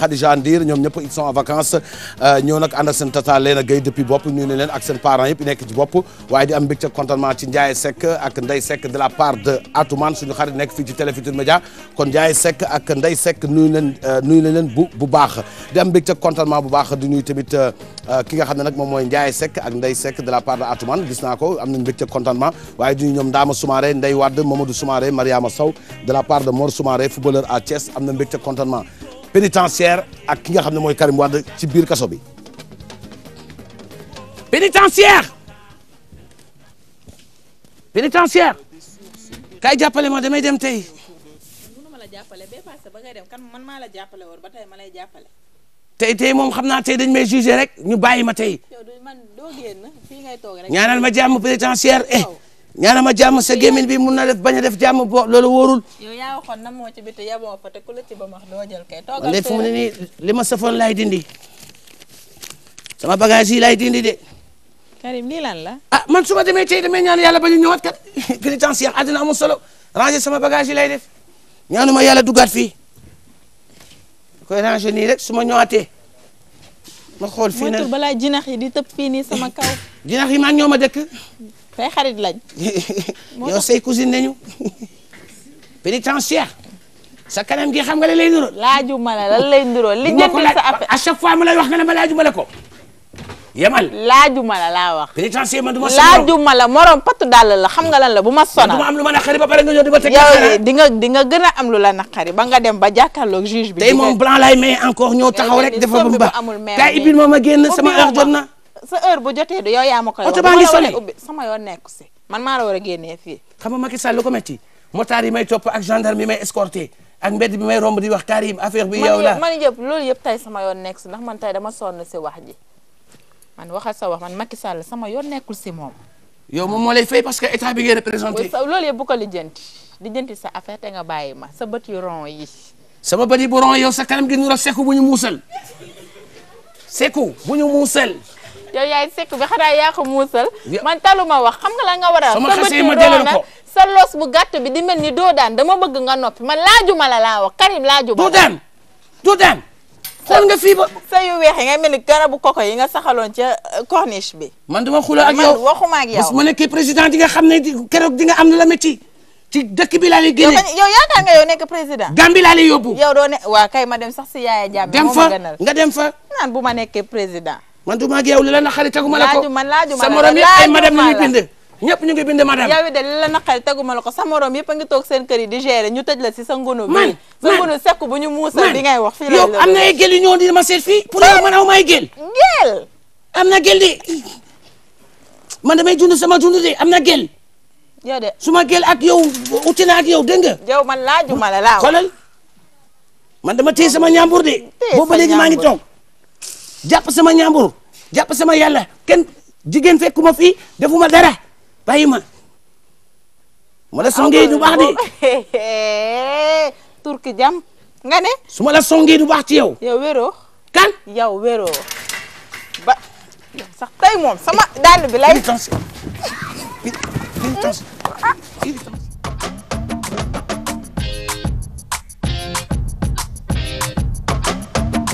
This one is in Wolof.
Khadija Ndir ñoom ñëpp ils sont en vacances euh, ñëw nag ànd ak seen tata bopp ñu ne leen ak seen parents yëpp nekk ci bopp waaye di am mbégte contentement ci fii ci Télé Futurs Médias kon Ndiaye Seck ak Ndeye Seck nuyu euh, bu baax di am bu baax di nuyu tamit euh, ki nga xam ne nag moom mooy Ndiaye Seck ak Ndeye Seck de la part de Atoumane gis naa ko am nañ mbégte contentement waaye di nuyu ñoom Ndama Soumaré Ndeye Wade Mamadou Soumaré Mariama Sow de la part de Mor Soumaré footballeur à Thiès am na mbégte contentement pénitentiaire ak ki nga xam ne mooy Karim Wade ci biir kaso bi pénitentiaire pénitentiaire kay jàppale ma damay dem tey tey tey moom xam naa tey dañ may jugé rek ñu bàyyi ma tey ñaanal ma jàmm pénitentiaire eh ñaana ma jàmm sa gémmiñ bi mun na def bañ a def jàmm bo loolu wóorul. yow yaa waxoon moo ci biti yaboo fa te ku la ci ba max doo jël kay. toogal léegi nii li ma safoon laay dindi sama bagage yi laay dindi de. Karim lii lan la. ah man su ma demee tey damay ñaan yàlla bañ a ñëwaat kat pénitentiaire àddina amul solo ranger sama bagage yi lay def ñaanu ma yàlla duggaat fii koy ranger nii rek su ma ñëwaatee ma xool. fii nag moytu balaa jinax yi di tëb fii nii sama kaw. jinax yi man ñoo ma dëkk. say xarit lañ. yow say cousine ñu pénitentiaire sa kanam gi xam nga la lay nuroo. laajuma la lan lay nuroo. li jëndil sa affaire à chaque a mu lay wax nga ne ma laajuma la ko. yamal laajuma la laa wax. pénitentiaire man du ma sonal laajuma la morom patu dàll la xam nga lan la bu ma sonal. du ma am lu ma naqari ba pare nga ñëw di ma teg yow di nga di nga gën a am lu la naqari ba nga dem ba jàkkaarloog juge bi. tey moom blanc lay may encore ñoo taxaw rek. defar bu baax tey Ibine moom a génn sama heure jot na. sa heure bu jotee du yow yaa ma koy wax oto sama yoon nekk si man maa la war a génnee fii xam nga Macky lu ko metti motard yi may topp ak gendarme may escorté ak mbedd bi may romb di wax Karim affaire bi yow la man yëpp loolu yëpp tey sama yoon man wax sa wax man Macky Sall sama yoon nekkul si moom yow moom moo lay fay parce que état bi ngay représenté loolu yëpp bu ko lijjanti lijjanti sa affaire nga bàyyi ma sa bët yu ron yi sama bët yi bu ron yow sa kanam gi ñu ra seku bu ñu muusal seku bu ñu muusal yow yaay sekk bi xanaa yaa ko muusal man taluma wax xam nga la nga war a sama sa los bu gàtt bi di mel ni doo daan dama bëgg nga noppi man laajuma la laa wax Karim laajuma doo daan doo daan xool nga fii ba sa yu weex yi ngay mel yi nga saxaloon ca euh, corniche bi man da xula ak yow man waxuma ak yow su ma nekkee président di nga xam ne keroog di nga am na la métti ci dëkk bi laa lay génne yow nga yow nekk président Gambie laa lay yóbbu yow doo waa kay ma dem sax si Yaaya Jammeh dem fa nga dem fa naan bu ma nekkee président man du ma ak yow li la naqari teguma la ko laajuma laajuma sa morom yëpp ay madame la ñuy ñëpp ñu ngi bind madame yow de li la naqari ko sa morom yëpp a ngi toog seen kër di gérer ñu tëj la si sa ngono bi sa ngono sekk bu ñu muusal bi ngay wax fii la yow am na ay gel yu ñëwoon di ma seet fii pour yow man aw may gel gel am na gel de man damay dund sama dund de am na gel su ma gel ak yow uti na ak yow dégg nga yow man laajuma la laaw xoolal man dama téye sama ñaambur de boobu maa ngi toog jàpp sama ñaambur jàpp sama yàlla kenn jigéen fekkuma fii defuma dara bàyyi ma ma la songee du baax de. turki jam nga ne. su ma la songee du baax ci yow. yow wéroo. kan yow wéroo. ba sax tey moom sama dàll bi lay.